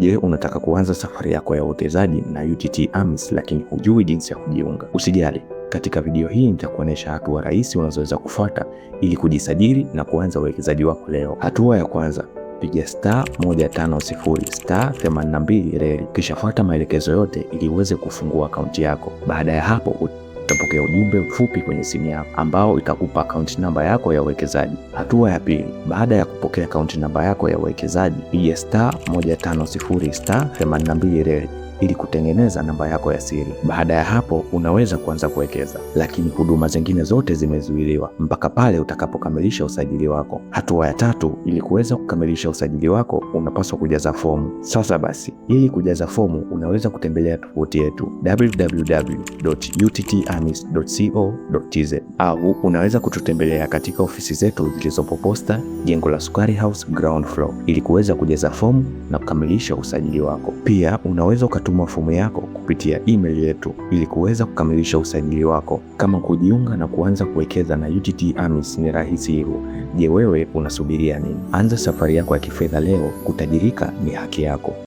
Je, unataka kuanza safari yako ya uwekezaji na UTT AMIS lakini hujui jinsi ya kujiunga? Usijali, katika video hii nitakuonyesha hatua rahisi unazoweza kufuata ili kujisajili na kuanza uwekezaji wako leo. Hatua ya kwanza, piga star 150 star 82 reli, kisha fuata maelekezo yote ili uweze kufungua akaunti yako. Baada ya hapo utapokea ujumbe mfupi kwenye simu yako ambao itakupa akaunti namba yako ya uwekezaji. Hatua ya pili, baada ya kupokea akaunti namba yako ya uwekezaji, piga star 150 star 82 reli ili kutengeneza namba yako ya siri. Baada ya hapo, unaweza kuanza kuwekeza, lakini huduma zingine zote zimezuiliwa mpaka pale utakapokamilisha usajili wako. Hatua ya tatu, ili kuweza kukamilisha usajili wako unapaswa kujaza fomu. Sasa basi, ili kujaza fomu unaweza kutembelea tovuti yetu www.uttamis.co.tz au unaweza kututembelea katika ofisi zetu zilizopo Posta, jengo la Sukari House ground floor, ili kuweza kujaza fomu na kukamilisha usajili wako. Pia unaweza kutuma fomu yako kupitia email yetu ili kuweza kukamilisha usajili wako. Kama kujiunga na kuanza kuwekeza na UTT AMIS ni rahisi hivyo, je, wewe unasubiria nini? Anza safari yako ya kifedha leo. Kutajirika ni haki yako.